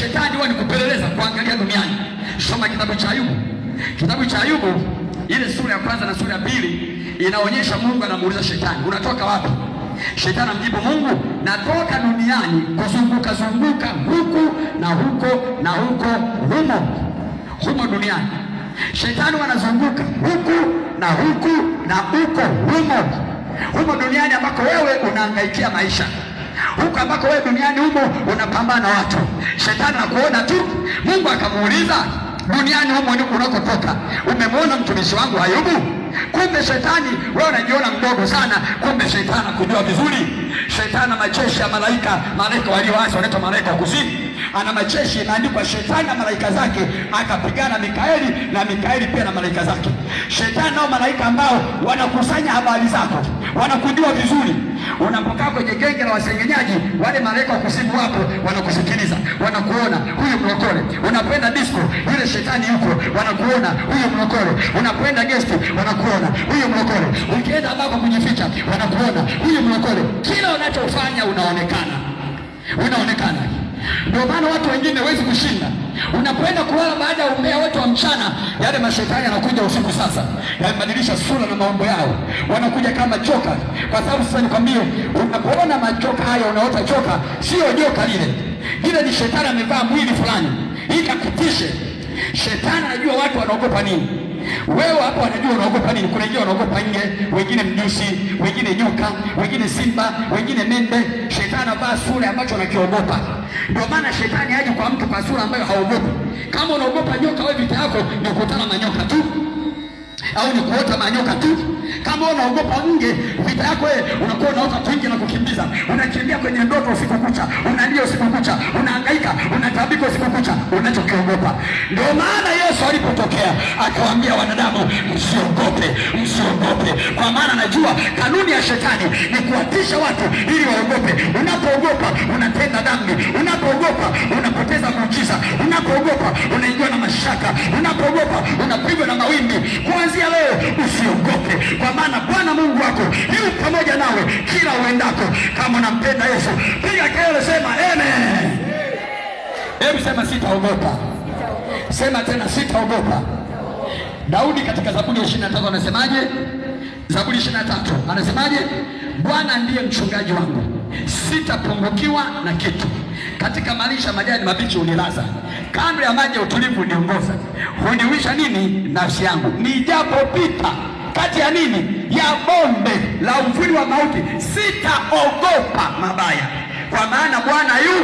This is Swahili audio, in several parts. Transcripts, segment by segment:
shetani huwa ni kupeleleza, kuangalia duniani. Soma kitabu cha Ayubu, kitabu cha Ayubu ile sura ya kwanza na sura ya pili inaonyesha Mungu anamuuliza shetani, unatoka wapi? Shetani amjibu Mungu, natoka duniani kuzunguka zunguka huku na huko na huko, humo humo duniani. Shetani wanazunguka huku na huku na huko, humo humo duniani ambako wewe unahangaikia maisha huko ambako wewe duniani humo unapambana watu, shetani nakuona tu. Mungu akamuuliza duniani humo unakotoka, umemwona mtumishi wangu Ayubu? Kumbe shetani wewe unajiona mdogo sana, kumbe shetani akujua vizuri. Shetani majeshi ya malaika, malaika walioasi wanaitwa malaika wa kuzimu ana majeshi inaandikwa, shetani na malaika zake akapigana Mikaeli na Mikaeli pia na malaika zake. Shetani nao malaika ambao wanakusanya habari zako, wanakujua vizuri. Unapokaa kwenye genge la wasengenyaji, wale malaika wakusibu wako wanakusikiliza, wanakuona huyu mlokole. Unapenda disco, yule shetani yuko, wanakuona huyu mlokole. Unapenda gesti, wanakuona huyu mlokole. Ukienda ambako kujificha, wanakuona huyu mlokole. Kila unachofanya unaonekana, unaonekana ndio maana watu wengine hawezi kushinda. Unapoenda kulala baada ya umea wote wa mchana, yale mashetani yanakuja usiku. Sasa yanabadilisha sura na maombo yao, wanakuja kama joka. Kwa sababu sasa nikwambie, unapoona majoka haya, unaota joka, sio joka lile lile, ni shetani amevaa mwili fulani, ikakutishe. Shetani anajua watu wanaogopa nini wewe hapo wanajua unaogopa nini? Kuna wengine wanaogopa nge, wengine mjusi, wengine nyoka, wengine simba, wengine mende. Shetani avaa sura ambacho anakiogopa. Ndio maana shetani haji kwa mtu kwa sura ambayo haogopi. Kama unaogopa nyoka, wewe vita yako ni kukutana na nyoka tu au ni kuota manyoka tu? Kama unaogopa nge, vita yako wewe unakuwa unaota tu nge na kukimbiza, unakimbia kwenye ndoto usiku kucha, unalia usiku kucha, unahangaika, unatabika usiku kucha unachokiogopa. Ndio maana Yesu alipotokea akawaambia wanadamu, msiogope, msiogope, kwa maana najua kanuni ya shetani ni kuwatisha watu ili waogope. Unapoogopa unatenda dhambi, unapoogopa una pamoja nawe kila uendako. Kama unampenda Yesu, piga kelele, sema amen. Hebu sema sitaogopa, sema tena sitaogopa. Daudi katika Zaburi ya tatu anasemaje? Zaburi 23 anasemaje? Bwana ndiye mchungaji wangu, sitapungukiwa na kitu. Katika malisha majani mabichi unilaza, kando ya maji ya utulivu uniongoza, huniwisha nini nafsi yangu, nijapopita kati ya nini, ya bombe la uvuli wa mauti, sitaogopa mabaya, kwa maana Bwana yu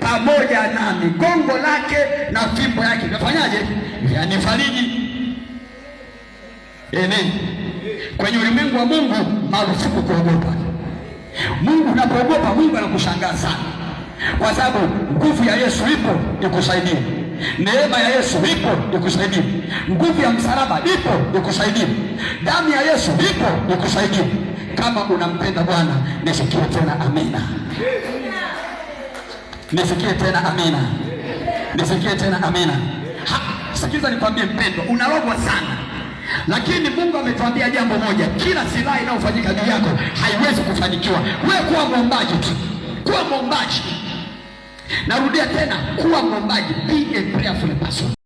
pamoja nami, gongo lake na fimbo yake vinafanyaje? Vyanifariji. Amen. Kwenye ulimwengu wa Mungu marufuku kuogopa. Mungu unapoogopa, Mungu anakushangaa sana, kwa sababu nguvu ya Yesu ipo ikusaidie. Neema ya Yesu ipo ikusaidie, nguvu ya msalaba ipo ikusaidie, damu ya Yesu ipo ikusaidie. Kama unampenda Bwana, nisikie tena amina, nisikie tena amina, nisikie tena amina. Ha, sikiliza nikwambie, mpendo unalogwa sana lakini Mungu ametuambia jambo moja, kila silaha inayofanyika juu yako haiwezi kufanikiwa. Wewe kuwa mwombaji tu, kuwa mwombaji Narudia tena, kuwa mwombaji, be a prayerful person.